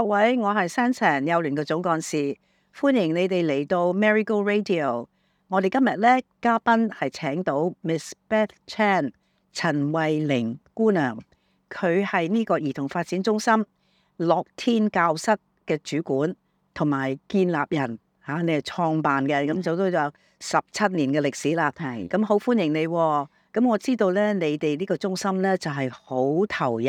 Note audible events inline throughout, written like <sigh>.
各位，我係 Sansan 幼聯嘅總幹事，歡迎你哋嚟到 MaryGo Radio。我哋今日咧嘉賓係請到 Miss Beth Chan 陳慧玲姑娘，佢係呢個兒童發展中心樂天教室嘅主管同埋建立人吓、啊，你係創辦嘅，咁早都有十七年嘅歷史啦。係咁好歡迎你、哦。咁我知道咧，你哋呢個中心咧就係、是、好投入。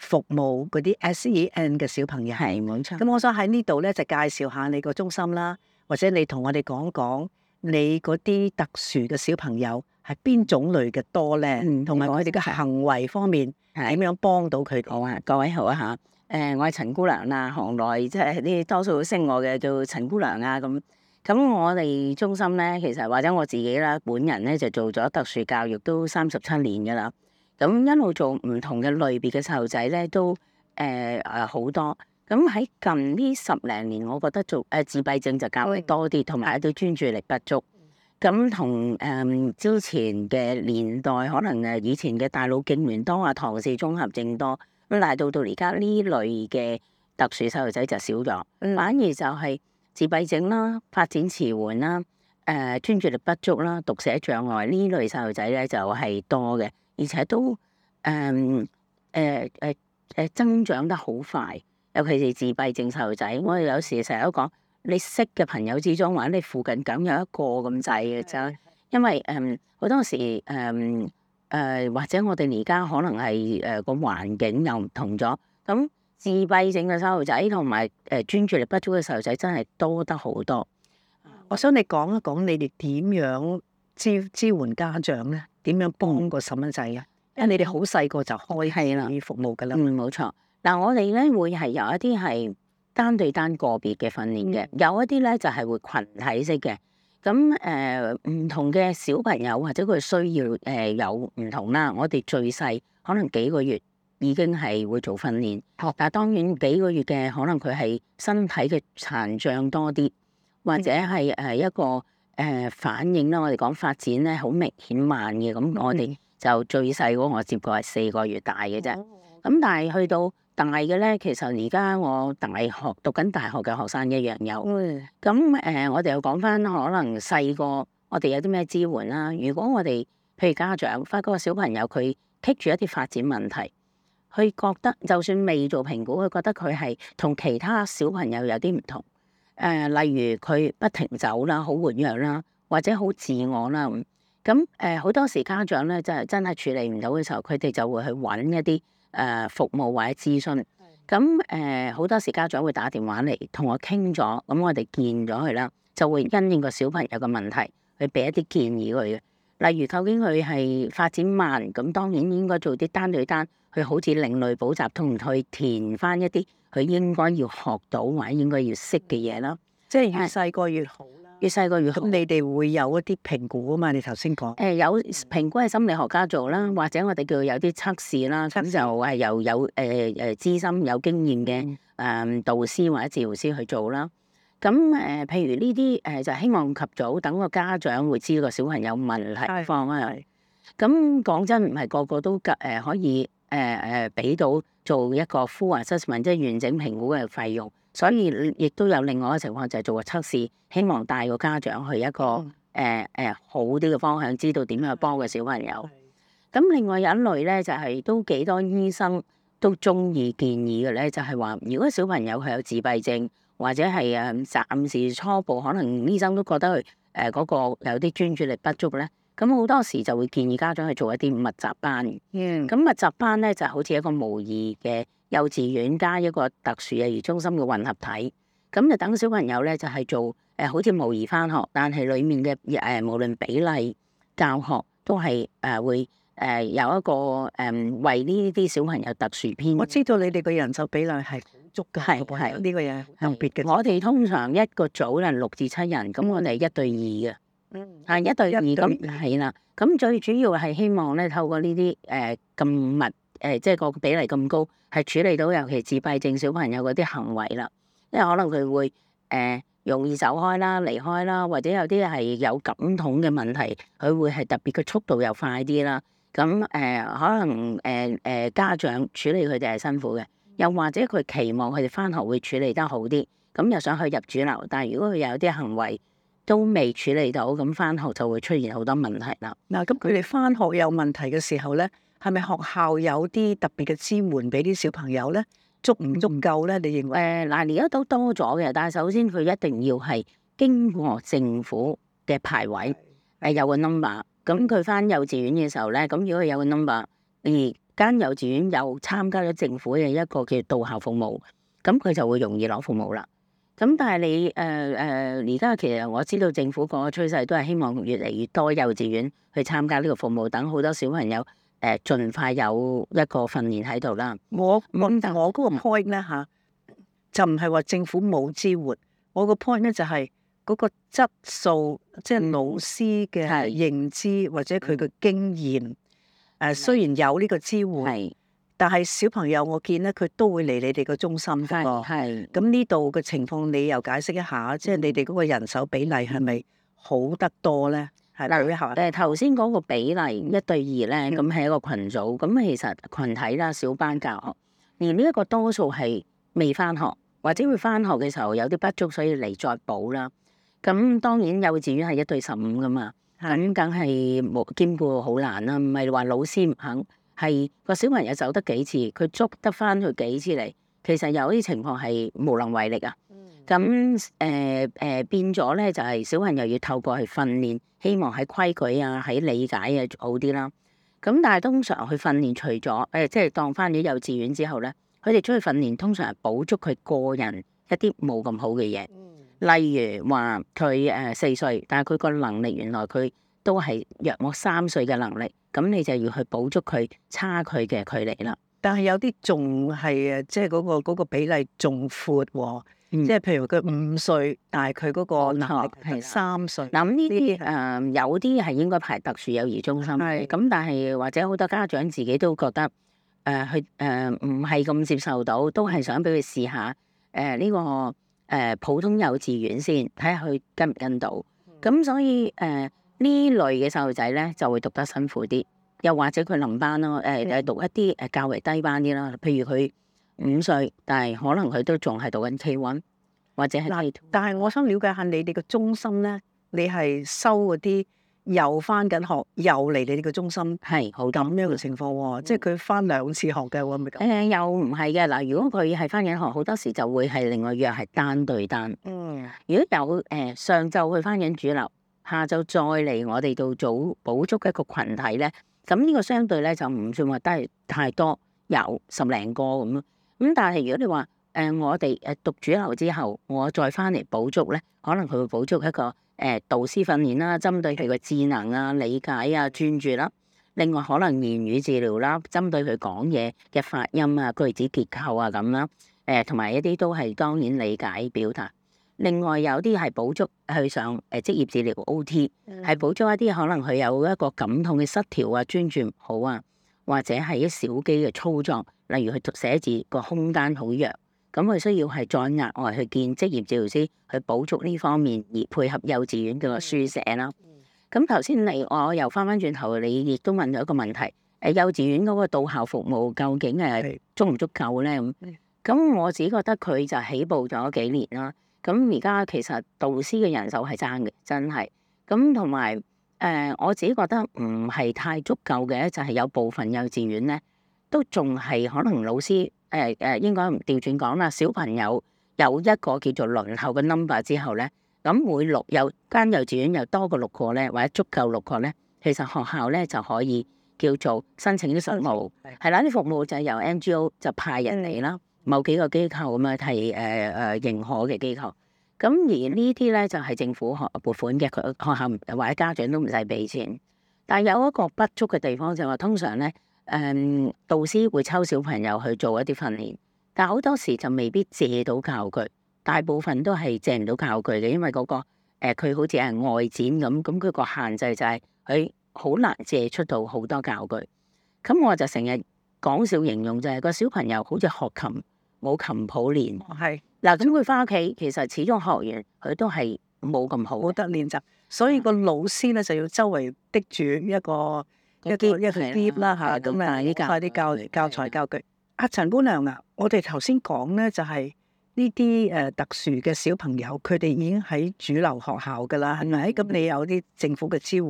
服務嗰啲 SEN 嘅小朋友，係冇錯。咁我想喺呢度咧，就介紹下你個中心啦，或者你同我哋講講你嗰啲特殊嘅小朋友係邊種類嘅多咧，同埋我哋嘅行為方面係點、嗯、樣幫到佢。的好啊，各位好啊嚇，誒、呃、我係陳姑娘啦，行內即係啲多數識我嘅叫陳姑娘啊咁。咁、就是、我哋、啊、中心咧，其實或者我自己啦，本人咧就做咗特殊教育都三十七年噶啦。咁一路做唔同嘅類別嘅細路仔咧，都誒誒好多。咁喺近呢十零年，我覺得做誒、呃、自閉症就較為多啲，同埋啲專注力不足。咁同誒之前嘅年代，可能誒以前嘅大腦痙攣多啊，唐氏綜合症多。咁但係到到而家呢類嘅特殊細路仔就少咗，嗯、反而就係自閉症啦、發展遲緩啦、誒、呃、專注力不足啦、讀寫障礙呢類細路仔咧就係、是、多嘅。而且都誒誒誒誒增長得好快，尤其是自閉症細路仔。我哋有時成日都講，你識嘅朋友之中，或者你附近咁有一個咁滯嘅，就因為誒，我、um, 好多時誒誒，um, 或者我哋而家可能係誒個環境又唔同咗。咁自閉症嘅細路仔同埋誒專注力不足嘅細路仔，真係多得好多。我想你講一講，你哋點樣支支援家長咧？點樣幫個細蚊仔啊？嗯、因為你哋好細個就開始服務噶啦。嗯，冇錯。嗱，我哋咧會係有一啲係單對單個別嘅訓練嘅，嗯、有一啲咧就係、是、會群體式嘅。咁誒，唔、呃、同嘅小朋友或者佢需要誒、呃、有唔同啦。我哋最細可能幾個月已經係會做訓練。好，但係當然幾個月嘅可能佢係身體嘅殘障多啲，或者係誒一個。嗯誒、呃，反應啦，我哋講發展咧，好明顯慢嘅，咁我哋就最細嗰我接過係四個月大嘅啫。咁、嗯嗯、但係去到大嘅咧，其實而家我大學讀緊大學嘅學生一樣有。咁誒、嗯呃，我哋又講返可能細個，我哋有啲咩支援啦？如果我哋譬如家長發覺個小朋友佢剔住一啲發展問題，佢覺得就算未做評估，佢覺得佢係同其他小朋友有啲唔同。誒、呃，例如佢不停走啦，好活躍啦，或者好自我啦咁。咁誒，好、呃、多時家長咧就係真係處理唔到嘅時候，佢哋就會去揾一啲誒、呃、服務或者諮詢。咁誒，好、呃、多時家長會打電話嚟同我傾咗，咁我哋見咗佢啦，就會因應個小朋友嘅問題去俾一啲建議佢嘅。例如究竟佢係發展慢，咁當然應該做啲單對單。佢好似另類補習通，去填翻一啲佢應該要學到或者應該要識嘅嘢啦。即係、嗯、越細個越好啦，越細個越好。咁你哋會有一啲評估啊嘛？你頭先講誒，有評估係心理學家做啦，yeah. laughs anyway 或者我哋叫有啲測試啦。咁就係由有誒誒資深有經驗嘅誒導師或者治療師去做啦。咁誒，譬如呢啲誒，就希望及早等個家長會知個小朋友問題放啊。咁講真唔係個個都誒可以。誒誒，俾到做一個 full assessment，即係完整評估嘅費用，所以亦都有另外一個情況就係、是、做個測試，希望帶個家長去一個誒誒、嗯呃呃、好啲嘅方向，知道點樣去幫個小朋友。咁的另外有一類咧，就係、是、都幾多醫生都鍾意建議嘅咧，就係、是、話如果小朋友佢有自閉症，或者係啊暫時初步可能醫生都覺得佢誒嗰個有啲專注力不足咧。咁好多時就會建議家長去做一啲密集班。嗯。咁密集班咧就好似一個模擬嘅幼稚園加一個特殊幼兒中心嘅混合體。咁就等小朋友咧就係、是、做誒、呃、好似模擬翻學，但係裡面嘅誒、呃、無論比例教學都係誒、呃、會誒、呃、有一個誒、呃、為呢啲小朋友特殊編。我知道你哋嘅人手比例係好足㗎，係係呢個嘢特別嘅。我哋通常一個組人六至七人，咁我哋係一對二嘅。嗯嗯嗯，啊，一對二咁係啦，咁、嗯、最主要係希望咧，透過呢啲誒咁密誒，即、呃、係、就是、個比例咁高，係處理到尤其自閉症小朋友嗰啲行為啦。因為可能佢會誒、呃、容易走開啦、離開啦，或者有啲係有感統嘅問題，佢會係特別嘅速度又快啲啦。咁、呃、誒可能誒誒、呃、家長處理佢哋係辛苦嘅，又或者佢期望佢哋返學會處理得好啲，咁又想去入主流，但係如果佢有啲行為。都未處理到，咁返學就會出現好多問題啦。嗱，咁佢哋返學有問題嘅時候咧，係咪學校有啲特別嘅支援俾啲小朋友咧？足唔足夠咧？你認為？誒、呃，嗱、呃，而家都多咗嘅，但係首先佢一定要係經過政府嘅排位，誒的有個 number。咁佢返幼稚園嘅時候咧，咁如果佢有個 number，而間幼稚園又參加咗政府嘅一個嘅到校服務，咁佢就會容易攞服務啦。咁但係你誒誒而家其實我知道政府嘅趨勢都係希望越嚟越多幼稚園去參加呢個服務，等好多小朋友誒盡快有一個訓練喺度啦。我我我嗰個 point 咧、啊、嚇，就唔係話政府冇支援，我個 point 咧就係嗰個質素，即、就、係、是、老師嘅認知、嗯、或者佢嘅經驗。誒的雖然有呢個支援。但係小朋友，我見咧佢都會嚟你哋個中心噶喎。係係。咁呢度嘅情況，你又解釋一下，即係你哋嗰個人手比例係咪好得多咧？係啦，你好。誒頭先嗰個比例一對二咧，咁係、嗯、一個群組。咁其實群體啦，小班教學，而呢一個多數係未翻學，或者會翻學嘅時候有啲不足，所以嚟再補啦。咁當然幼稚園係一對十五噶嘛，咁梗係冇兼顧，好難啦。唔係話老師唔肯。係個小朋友走得幾次，佢捉得翻佢幾次嚟。其實有啲情況係無能為力啊。咁誒誒變咗咧，就係小朋友要透過去訓練，希望喺規矩啊、喺理解啊好啲啦。咁但係通常去訓練除，除咗誒即係當翻咗幼稚園之後咧，佢哋出去訓練通常係補足佢個人一啲冇咁好嘅嘢。例如話佢誒四歲，但係佢個能力原來佢都係約莫三歲嘅能力，咁你就要去補足佢差距嘅距離啦。但係有啲仲係誒，即係嗰個比例仲闊喎，即係譬如佢五歲，但係佢嗰個能力係三歲。咁呢啲誒有啲係應該排特殊幼兒中心嘅。咁但係或者好多家長自己都覺得誒佢誒唔係咁接受到，都係想俾佢試下誒呢個誒普通幼稚園先，睇下佢跟唔跟到。咁所以誒。類呢類嘅細路仔咧就會讀得辛苦啲，又或者佢臨班咯，誒誒、嗯、讀一啲誒較為低班啲啦。譬如佢五歲，嗯、但係可能佢都仲係讀緊 K1 或者係。但係我想了解下你哋個中心咧，你係收嗰啲又返緊學又嚟你哋個中心係咁樣嘅情況喎，即係佢返兩次學嘅喎，係咪咁？誒、嗯呃、又唔係嘅，嗱，如果佢係返緊學，好多時就會係另外一樣係單對單。嗯，如果有誒、呃、上晝去返緊主流。下晝再嚟我哋度做補足一個群體咧，咁呢個相對咧就唔算話得太多，有十零個咁咯。咁但係如果你話誒、呃、我哋誒讀主流之後，我再翻嚟補足咧，可能佢會補足一個誒、呃、導師訓練啦，針對佢嘅智能啊、理解啊、專注啦、啊，另外可能言語治療啦、啊，針對佢講嘢嘅發音啊、句子結構啊咁啦，誒同埋一啲都係當然理解表達。另外有啲係補足去上誒職業治療 OT，係補足一啲可能佢有一個感統嘅失調啊、專注唔好啊，或者係一小機嘅操作，例如佢寫字個空間好弱，咁佢需要係再額外去見職業治療師去補足呢方面，而配合幼稚園嘅書寫啦。咁頭先你我又翻翻轉頭，你亦都問咗一個問題，誒、呃、幼稚園嗰個到校服務究竟係足唔足夠咧？咁咁，我自己覺得佢就起步咗幾年啦。咁而家其實導師嘅人手係爭嘅，真係，咁同埋誒我自己覺得唔係太足夠嘅，就係、是、有部分幼稚園咧，都仲係可能老師誒誒、呃呃，應該調轉講啦。小朋友有一個叫做輪候嘅 number 之後咧，咁每六有間幼稚園又多過六個咧，或者足夠六個咧，其實學校咧就可以叫做申請啲服務，係啦啲服務就係由 NGO 就派人嚟啦。某幾個機構咁樣係誒誒認可嘅機構，咁而呢啲咧就係、是、政府學撥款嘅，佢學校或者家長都唔使俾錢。但係有一個不足嘅地方就係話，通常咧誒、嗯、導師會抽小朋友去做一啲訓練，但好多時就未必借到教具，大部分都係借唔到教具嘅，因為嗰、那個佢、呃、好似係外展咁，咁佢個限制就係佢好難借出到好多教具。咁我就成日講笑形容就係、是那個小朋友好似學琴。冇琴譜練，係嗱是，咁佢翻屋企，其實始終學嘢佢都係冇咁好，冇得練習，所以個老師咧就要周圍的住一個一個一，行一個啦嚇，咁啊的快啲教教材教具。阿的陳姑娘啊，我哋頭先講咧就係呢啲誒特殊嘅小朋友，佢哋已經喺主流學校㗎啦，係咪？咁的你有啲政府嘅支援，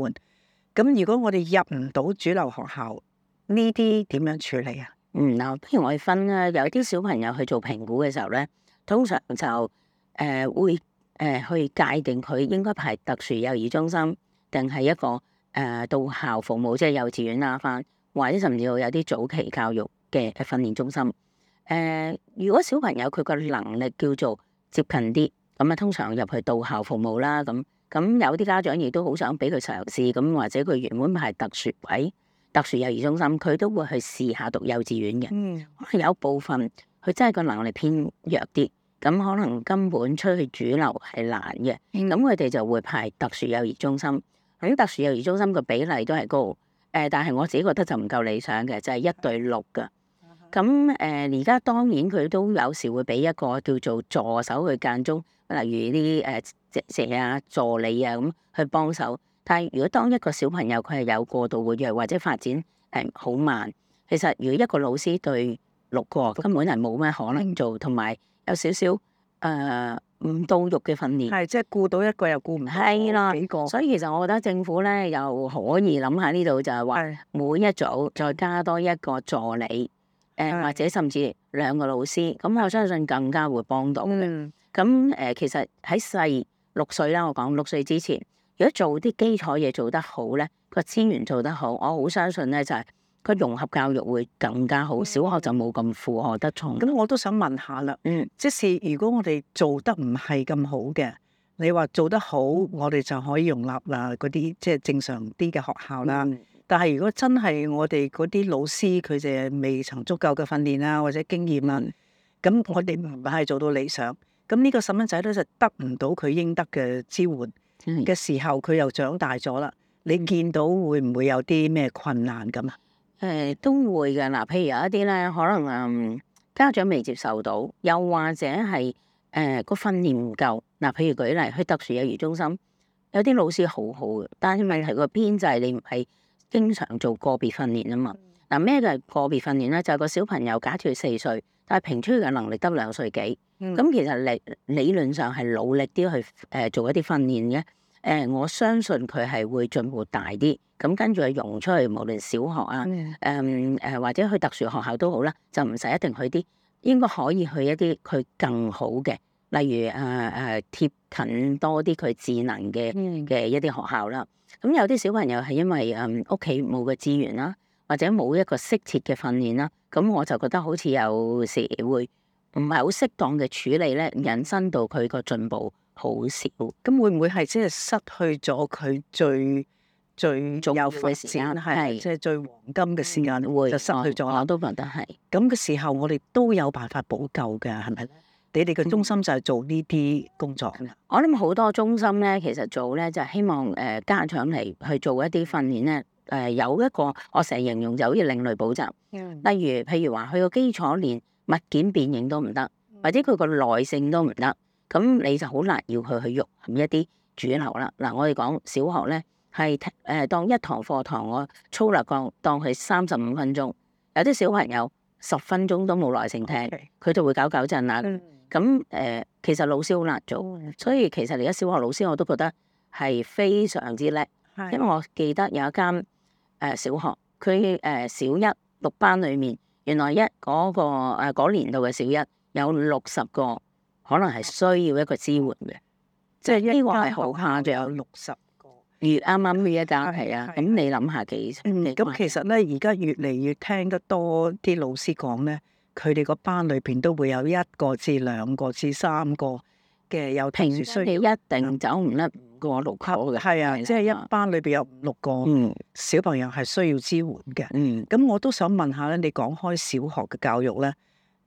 咁如果我哋入唔到主流學校，呢啲點樣處理啊？嗯，嗱，不如我哋分啦。有啲小朋友去做評估嘅時候咧，通常就誒、呃、會誒、呃、去界定佢應該排特殊幼兒中心，定係一個誒、呃、到校服務即係幼稚園啦，翻，或者甚至乎有啲早期教育嘅訓練中心。誒、呃。如果小朋友佢個能力叫做接近啲，咁啊，通常入去到校服務啦。咁咁有啲家長亦都好想俾佢嘗試，咁或者佢原本排特殊位。特殊幼兒中心，佢都會去試下讀幼稚園嘅。可能 <noise> 有部分佢真係個能力偏弱啲，咁可能根本出去主流係難嘅。咁佢哋就會派特殊幼兒中心。咁特殊幼兒中心個比例都係高，誒，但係我自己覺得就唔夠理想嘅，就係、是、一對六嘅。咁誒，而 <noise> 家、呃、當然佢都有時會俾一個叫做助手去間中，例如啲誒，姐姐啊、助理啊咁去幫手。但係，如果當一個小朋友佢係有過度活躍或者發展係好慢，其實如果一個老師對六個根本係冇乜可能做，同埋、嗯、有少少誒唔到肉嘅訓練，係即係顧到一個又顧唔起啦幾個。所以其實我覺得政府咧又可以諗下呢度就係話，每一組再加多一個助理，誒的、呃、或者甚至兩個老師，咁我相信更加會幫到嘅。咁誒、嗯呃，其實喺細六歲啦，我講六歲之前。如果做啲基礎嘢做得好咧，個資源做得好，我好相信咧，就係個融合教育會更加好。小學就冇咁負荷得重。咁我都想問下啦，嗯、即使如果我哋做得唔係咁好嘅，你話做得好，我哋就可以容納啦嗰啲即係正常啲嘅學校啦。嗯、但係如果真係我哋嗰啲老師佢哋未曾足夠嘅訓練啊，或者經驗啊，咁我哋唔係做到理想，咁呢個細蚊仔咧就得唔到佢應得嘅支援。嘅、嗯、時候佢又長大咗啦，你見到會唔會有啲咩困難咁啊？誒、嗯、都會嘅嗱，譬如有一啲咧可能嗯，家長未接受到，又或者係誒個訓練唔夠嗱，譬如舉例去特殊幼兒中心，有啲老師好好嘅，但係問題個編制你唔係經常做個別訓練啊嘛，嗱咩叫係個別訓練咧？就係、個小朋友假設四歲。但係評出嚟嘅能力得兩歲幾，咁、嗯、其實理理論上係努力啲去誒、呃、做一啲訓練嘅，誒、呃、我相信佢係會進步大啲。咁跟住佢融出去，無論小學啊，誒誒、嗯呃呃、或者去特殊學校都好啦，就唔使一定去啲，應該可以去一啲佢更好嘅，例如誒誒貼近多啲佢智能嘅嘅、嗯、一啲學校啦。咁、嗯、有啲小朋友係因為誒屋企冇個資源啦。或者冇一個適切嘅訓練啦，咁我就覺得好似有時會唔係好適當嘅處理咧，引申到佢個進步好少。咁會唔會係即係失去咗佢最最有重要嘅時間？係是是即係最黃金嘅時間、嗯，就失去咗。我都覺得係。咁嘅時候，我哋都有辦法補救㗎，係咪咧？你哋嘅中心就係做呢啲工作。嗯、我諗好多中心咧，其實做咧就係、希望誒、呃、家長嚟去做一啲訓練咧。誒、呃、有一個，我成日形容就好似另類補習，例如譬如話佢個基礎連物件變形都唔得，或者佢個耐性都唔得，咁你就好難要佢去喐一啲主流啦。嗱、啊，我哋講小學咧，係誒、呃、當一堂課堂我粗略講，當係三十五分鐘，有啲小朋友十分鐘都冇耐性聽，佢 Okay. 就會搞搞震啦。咁誒 Okay.、啊呃，其實老師好難做，所以其實而家小學老師我都覺得係非常之叻，Yes. 因為我記得有一間。誒小學，佢誒小一六班裏面，原來一嗰、那個嗰年度嘅小一有六十個，可能係需要一個支援嘅，即係是呢個係好差，就有六十個，如啱啱呢一間係啊，咁你諗下幾犀利？咁、嗯、其實咧，而家越嚟越聽得多啲老師講咧，佢哋個班裏邊都會有一個至兩個至三個嘅有需要，平時，你一定走唔甩。嗯六個六級係啊，啊，即係一班裏邊有五六個小朋友係需要支援嘅。咁、嗯、我都想問下咧，你講開小學嘅教育咧，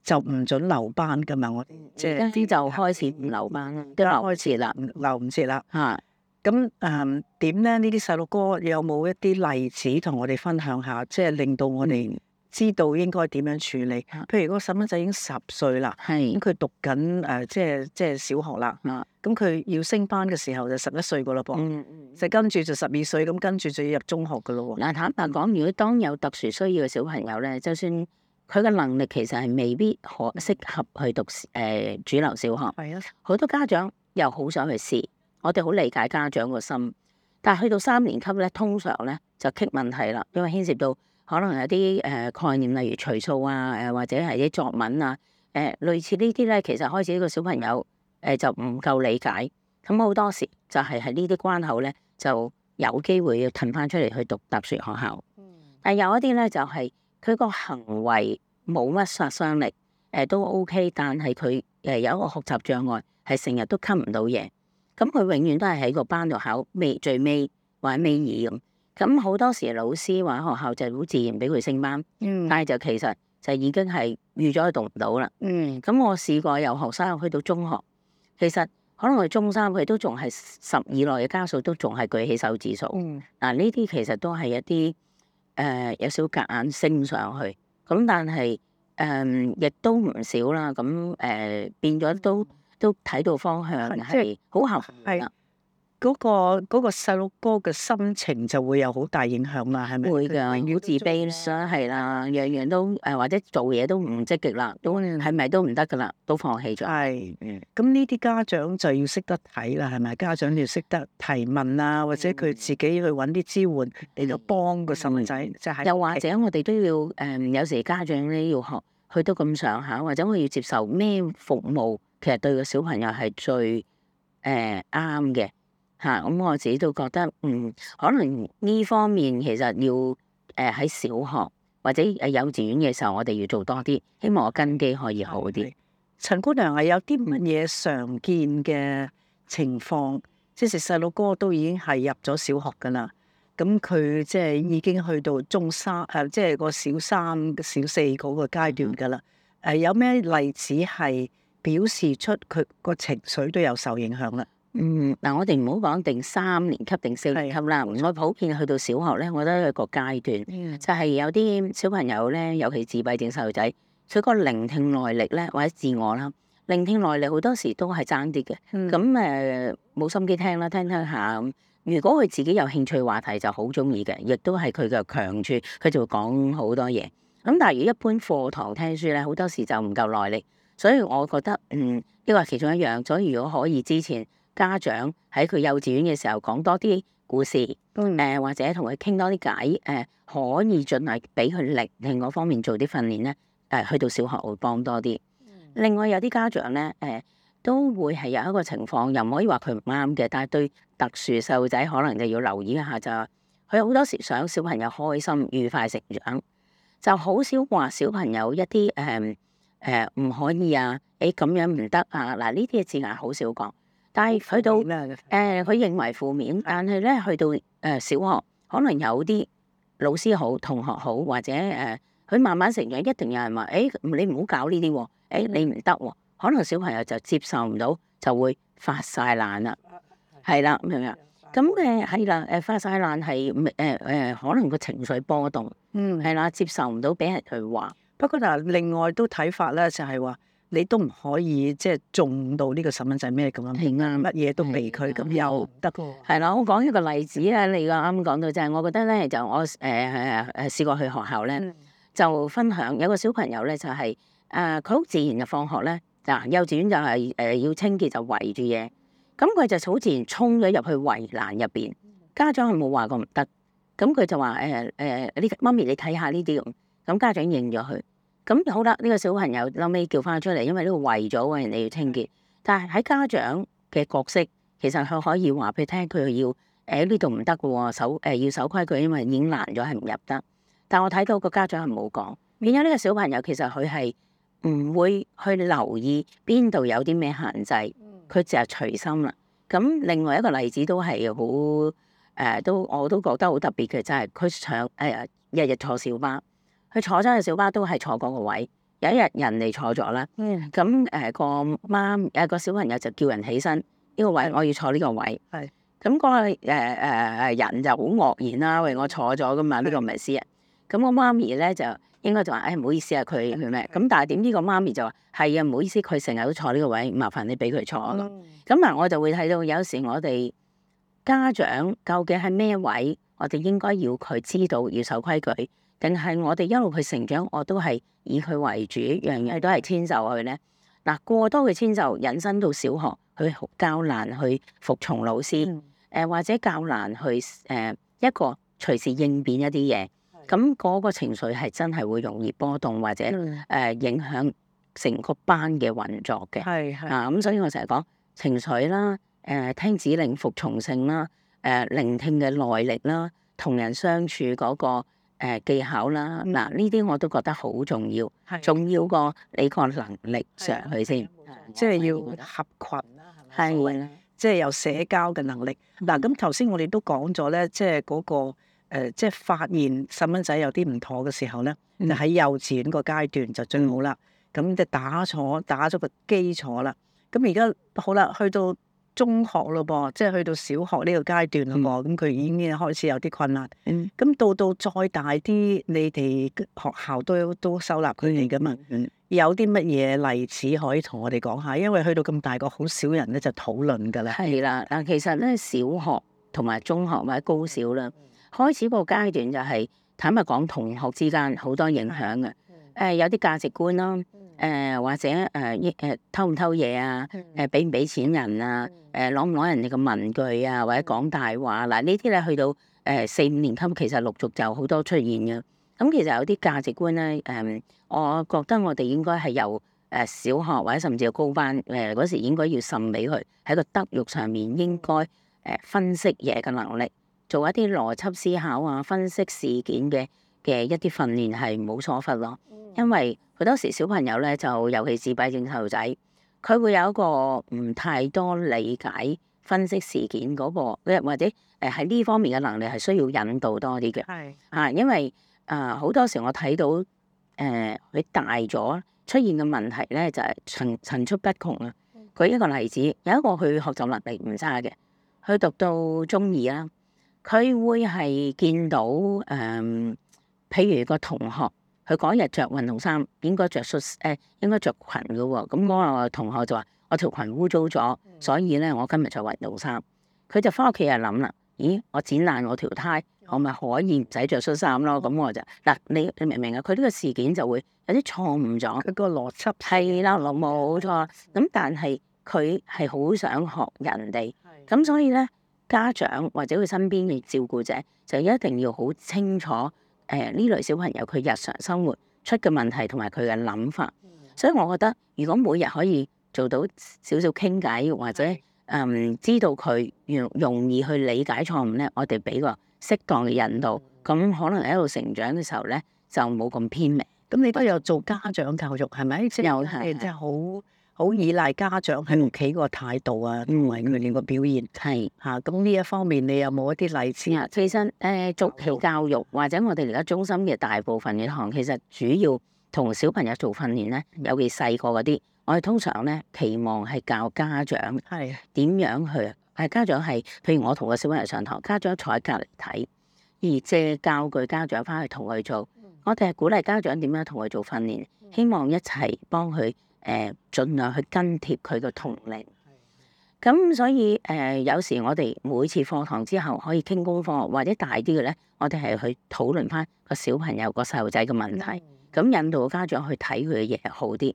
就唔準留班㗎嘛？我即係啲就開始唔留班啦，開始啦，留唔切啦。吓，咁誒點咧？啊 um, 呢啲細路哥有冇一啲例子同我哋分享下，即係令到我哋、嗯？知道應該點樣處理，譬如嗰個細蚊仔已經十歲啦，咁佢是讀緊誒、呃，即係即係小學啦。咁佢是要升班嘅時候就十一歲個咯噃，嗯嗯、就跟住就十二歲，咁跟住就要入中學嘅咯喎。嗱，坦白講，如果當有特殊需要嘅小朋友咧，就算佢嘅能力其實係未必可適合去讀誒、呃、主流小學，係咯、啊，好多家長又好想去試。我哋好理解家長個心，但係去到三年級咧，通常咧就棘問題啦，因為牽涉到。可能有啲誒、呃、概念，例如除數啊，誒、呃、或者係啲作文啊，誒、呃、類似呢啲咧，其實開始個小朋友誒、呃、就唔夠理解，咁好多時就係喺呢啲關口咧就有機會要騰返出嚟去讀特殊學校。但有一啲咧就係佢個行為冇乜殺傷力，誒、呃、都 O、OK, K，但係佢誒有一個學習障礙，係成日都吸唔到嘢，咁佢永遠都係喺個班度考尾最尾或者尾二咁。咁好多時老師或學校就好自然俾佢升班，嗯、但係就其實就已經係預咗佢讀唔到啦。咁、嗯、我試過由學生入去到中學，其實可能佢中三佢都仲係十以內嘅加數都仲係舉起手指數。嗱，呢啲其實都係一啲誒、呃、有少少夾硬升上去，咁但係誒、呃、亦都唔少啦。咁、呃、誒變咗都都睇到方向係好合。嗰個嗰個細路哥嘅心情就會有好大影響啦，係咪？會㗎，要自卑啦，係啦，樣樣都誒，或者做嘢都唔積極啦，都係咪都唔得㗎啦，都放棄咗。係，嗯。咁呢啲家長就要識得睇啦，係咪？家長要識得提問啦，或者佢自己去揾啲支援嚟到幫個細路仔，即係。又或者我哋都要誒，嗯，有時家長咧要學，佢都咁上下，或者我要接受咩服務，其實對個小朋友係最誒啱嘅。嚇！咁、嗯、我自己都覺得，嗯，可能呢方面其實要誒喺、呃、小學或者誒幼稚園嘅時候，我哋要做多啲，希望我根基可以好啲。陳姑娘係有啲乜嘢常見嘅情況？即、即係細路哥都已經係入咗小學㗎啦，咁佢即係已經去到中三誒，即係個小三、小四嗰個階段㗎啦。誒、嗯，有咩例子係表示出佢個情緒都有受影響啦？嗯，嗱，我哋唔好講定三年級定四年級啦。是我普遍去到小學咧，我覺得一個階段，嗯、就係有啲小朋友咧，尤其自閉症細路仔，佢個聆聽耐力咧或者自我啦，聆聽耐力好多時都係爭啲嘅。咁誒冇心機聽啦，聽聽下。如果佢自己有興趣話題就，就好中意嘅，亦都係佢嘅強處，佢就會講好多嘢。咁但係如果一般課堂聽書咧，好多時就唔夠耐力。所以我覺得，嗯，呢個係其中一樣。所以如果可以之前。家長喺佢幼稚園嘅時候講多啲故事，誒、呃、或者同佢傾多啲偈，誒、呃、可以盡量俾佢力。另外方面做啲訓練咧。誒、呃、去到小學會幫多啲。另外有啲家長咧，誒、呃、都會係有一個情況，又唔可以話佢唔啱嘅，但係對特殊細路仔可能就要留意一下，就係，就佢好多時想小朋友開心愉快成長，就好少話小朋友一啲誒誒唔可以啊，誒咁樣唔得啊，嗱呢啲嘅字眼好少講。但係去到誒，佢、啊呃、認為負面。但係咧，去到誒、呃、小學，可能有啲老師好、同學好，或者誒，佢、呃、慢慢成長，一定有人話，誒、欸，你唔好搞呢啲喎，誒、欸，你唔得喎。可能小朋友就接受唔到，就會發晒爛啦。係、嗯、啦，明唔明？咁誒係啦，誒、呃、發晒爛係誒誒，可能個情緒波動。嗯，係啦，接受唔到俾人去話。嗯、不過嗱，另外都睇法咧、就是，就係話。你都唔可以即係中到呢個細蚊仔咩咁樣片啦、啊，乜嘢都俾佢咁又得？係啦，我講一個例子啊，你個啱啱講到即係，就是、我覺得咧就我誒誒誒試過去學校咧就分享，有個小朋友咧就係誒佢好自然就放學咧，嗱幼稚園就係、是、誒、呃、要清潔就圍住嘢，咁佢就好自然沖咗入去圍欄入邊，家長係冇話過唔得，咁佢就話誒誒呢，媽咪你睇下呢啲，咁家長認咗佢。咁好啦，呢、呢個小朋友後尾叫翻出嚟，因為呢個圍咗喎，人哋要清潔。但係喺家長嘅角色，其實佢可以話俾你聽，佢要誒呢度唔得嘅喎，守誒、呃、要守規矩，因為已經難咗，係唔入得。但我睇到個家長係冇講，變咗呢個小朋友其實佢係唔會去留意邊度有啲咩限制，佢就隨心啦。咁另外一個例子都係好誒，都我都覺得好特別嘅，就係佢想誒日日坐小巴。佢坐咗去小巴都係坐嗰個位，有一日人哋坐咗啦。嗯。咁、呃、誒個媽有個小朋友就叫人起身，呢、這個位我要坐呢個位。係是、嗯。咁嗰個誒誒人就好愕然啦，喂，我坐咗噶嘛，呢、這個唔係事。咁是、嗯、我媽咪咧就應該就話，誒唔好意思啊，佢佢咩？咁但係點知個媽咪就話，係啊，唔好意思，佢成日都坐呢個位，麻煩你俾佢坐咯。咁啊、嗯，我就會睇到有時我哋家長究竟係咩位，我哋應該要佢知道要守規矩。定係我哋一路去成長，我都係以佢為主，樣樣都係遷就佢咧。嗱，過多嘅遷就引申到小學，佢較難去服從老師，誒、嗯、或者較難去誒、呃、一個隨時應變一啲嘢。咁嗰是個情緒係真係會容易波動，或者誒、呃、影響成個班嘅運作嘅。係係啊，咁所以我成日講情緒啦，誒、呃、聽指令服從性啦，誒、呃、聆聽嘅耐力啦，同人相處嗰、嗰個。誒、呃、技巧啦，嗱呢啲我都覺得好重要，的重要過你個能力上去先，即係要合群啦，係啦，即係有社交嘅能力嗱。咁頭先我哋都講咗咧，即係嗰個誒，即係發現細蚊仔有啲唔妥嘅時候咧，就喺的幼稚園個階段就最好啦。咁的就打咗打咗個基礎啦。咁而家好啦，去到、嗯。中學咯噃，即係去到小學呢個階段咯噃，咁佢、嗯、已經開始有啲困難。咁、嗯、到到再大啲，你哋學校都都收納佢哋噶嘛？嗯、有啲乜嘢例子可以同我哋講下？因為去到咁大個，好少人咧就討論噶啦。係啦，但其實咧，小學同埋中學或者高小啦，開始個階段就係、是、坦白講，同學之間好多影響嘅。誒，有啲價值觀啦。誒、呃、或者誒誒、呃、偷唔偷嘢啊？誒俾唔俾錢人啊？誒攞唔攞人哋嘅文具啊？或者講大話嗱、啊？呃、呢啲咧去到誒、呃、四五年級其實陸續就好多出現嘅。咁、嗯、其實有啲價值觀咧誒、呃，我覺得我哋應該係由誒、呃、小學或者甚至高班誒嗰、呃、時應該要滲俾佢，喺個德育上面應該誒、呃、分析嘢嘅能力，做一啲邏輯思考啊，分析事件嘅嘅一啲訓練係冇疏忽咯，因為好多時小朋友咧，就尤其自閉症細路仔，佢會有一個唔太多理解分析事件嗰、那個，或者誒喺呢方面嘅能力係需要引導多啲嘅。係啊是，因為啊好、呃、多時我睇到誒佢、呃、大咗出現嘅問題咧，就係層層出不窮啊。舉一個例子，有一個佢學習能力唔差嘅，佢讀到中二啦，佢會係見到誒。嗯譬如個同學，佢嗰日着運動衫，應該着恤，誒，應該着裙噶喎。咁嗰個同學就話：我條裙污糟咗，所以咧我今日着運動衫。佢就翻屋企就諗啦：咦，我剪爛我條胎，我咪可以唔使着恤衫咯？咁我就嗱，你你明唔明啊？佢呢個事件就會有啲錯誤咗，佢個邏輯係啦，冇錯。咁但係佢係好想學人哋，咁所以咧，家長或者佢身邊嘅照顧者就一定要好清楚。.誒，呢類小朋友佢日常生活出嘅問題同埋佢嘅諗法，所以我覺得如果每日可以做到少少傾偈，或者嗯，知道佢容容易去理解錯誤咧，我哋俾個適當嘅引導，咁可能喺度成長嘅時候咧就冇咁偏微。咁你都有做家長教育係咪？即係、又係即係好。好依賴家長喺屋企個態度啊，唔係佢哋個表現。係吓是，咁呢、啊、一方面你有冇一啲例子？其實誒，早期教育，教育或者我哋而家中心嘅大部分嘅堂，其實主要同小朋友做訓練咧，尤其細個嗰啲，我哋通常咧期望係教家長點樣去，係是家長係，譬如我同個小朋友上堂，家長坐喺隔離睇，而借教具家長翻去同佢做，我哋係鼓勵家長點樣同佢做訓練，希望一齊幫佢。誒，盡量去跟貼佢嘅同齡，咁所以誒、呃，有時我哋每次課堂之後可以傾功課，或者大啲嘅咧，我哋係去討論翻個小朋友個細路仔嘅問題，咁引導家長去睇佢嘅嘢好啲。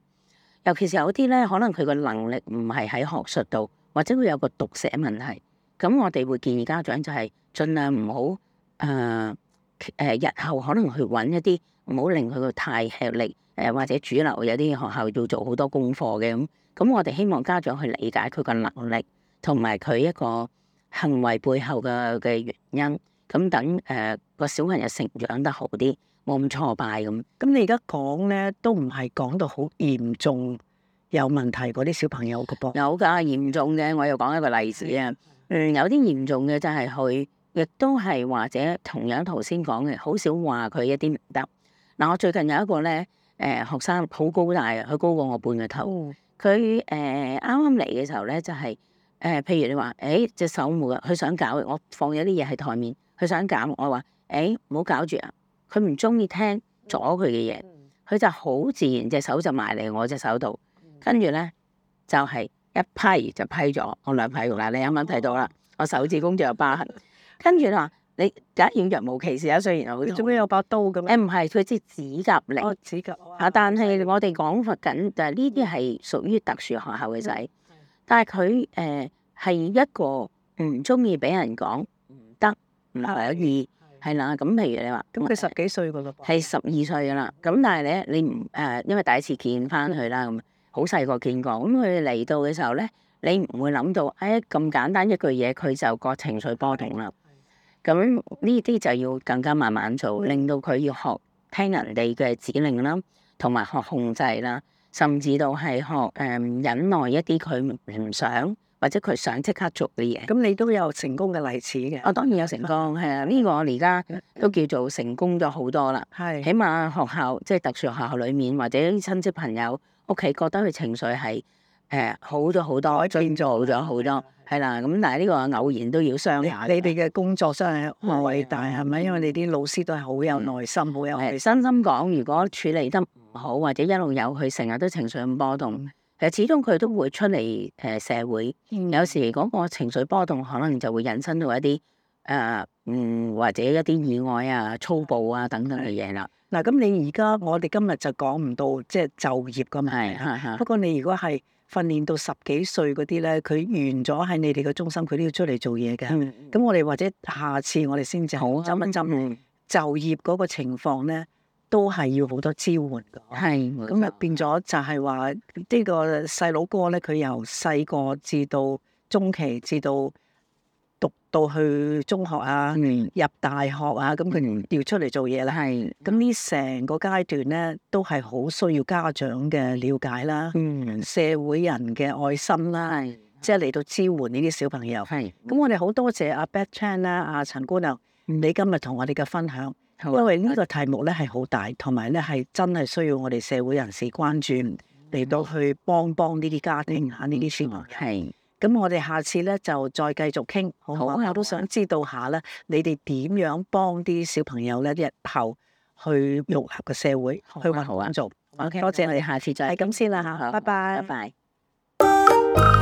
尤其是有啲咧，可能佢個能力唔係喺學術度，或者佢有個讀寫問題，咁我哋會建議家長就係盡量唔好誒誒，日後可能去揾一啲，唔好令佢個太吃力。誒，或者主流有啲學校要做好多功課嘅咁，咁我哋希望家長去理解佢個能力，同埋佢一個行為背後嘅嘅原因，咁等誒個小朋友成長得好啲，冇咁挫敗咁。咁你而家講咧，都唔係講到好嚴重有問題嗰啲小朋友嘅噃。有噶，啊，嚴重嘅，我又講一個例子啊。嗯，有啲嚴重嘅就係佢亦都係或者同樣頭先講嘅，好少話佢一啲唔得。嗱，我最近有一個咧。誒學生好高大啊，佢高過我半個頭。佢誒啱啱嚟嘅時候咧，就係、是、誒、呃、譬如你話，誒隻手冇啊，佢想搞。我放咗啲嘢喺台面，佢想搞。我話誒唔好搞住啊。佢唔中意聽阻佢嘅嘢，佢就好自然隻手就埋嚟我隻手度，跟住咧就係、是、一批就批咗我兩批肉啦。你啱啱睇到啦，我手指公就有疤痕，跟住話。你第一要若無其事啊，雖然我，做咩有把刀咁？誒唔係，佢即係指甲嚟。指甲啊！但係我哋講緊就係呢啲係屬於特殊學校嘅仔，但係佢誒係一個唔中意俾人講唔得，唔可以係啦。咁譬如你話，咁佢十幾歲噶啦，係十二歲啦。咁但係咧，你唔誒，因為第一次見翻佢啦，咁好細個見過。咁佢嚟到嘅時候咧，你唔會諗到誒咁簡單一句嘢，佢就個情緒波動啦。咁呢啲就要更加慢慢做，令到佢要學聽人哋嘅指令啦，同埋學控制啦，甚至到係學誒、嗯、忍耐一啲佢唔想或者佢想即刻做嘅嘢。咁你都有成功嘅例子嘅？我、哦、當然有成功，係啊！ <laughs> 呢、這個我而家都叫做成功咗好多啦。係， <laughs> 起碼學校即係特殊學校裏面，或者親戚朋友屋企覺得佢情緒係。誒，好咗好多，變咗了好咗好多，係啦。咁但係呢個偶然都要雙眼。你哋嘅工作真係好偉大，係咪的的？因為你啲老師都係好有耐心，好、嗯、有耐心……係，真心講，如果處理得唔好，或者一路有佢成日都情緒咁波動，其實始終佢都會出嚟誒社會。嗯、有時嗰個情緒波動，可能就會引申到一啲誒嗯或者一啲意外啊、粗暴啊等等嘅嘢啦。嗱，咁你而家我哋今日就講唔到即係就業噶嘛？係。不過你如果係。的訓練到十幾歲嗰啲咧，佢完咗喺你哋嘅中心，佢都要出嚟做嘢嘅。咁、嗯、我哋或者下次我哋先至斟一斟就業嗰個情況咧，都係要好多支援嘅。係是，咁啊變咗就係話、這個、呢個細佬哥咧，佢由細個至到中期至到。讀到去中學啊，入大學啊，咁佢要出嚟做嘢啦。係咁呢成個階段咧，都係好需要家長嘅了解啦，嗯、社會人嘅愛心啦，即係嚟到支援呢啲小朋友。係咁是、嗯，我哋好多謝阿、啊、Beth Chan 啦、啊，阿、啊、陳姑娘，你今日同我哋嘅分享，的因為呢個題目咧係好大，同埋咧係真係需要我哋社會人士關注，嚟到去幫幫呢啲家庭吓呢啲小朋友。係。咁我哋下次咧就再繼續傾，好啊！好，我都想知道下咧，啊、你哋點樣幫啲小朋友咧日後去融合個社會，好啊，去搵好工做？OK，多謝你，下次再係咁先啦吓好拜，拜拜，拜拜。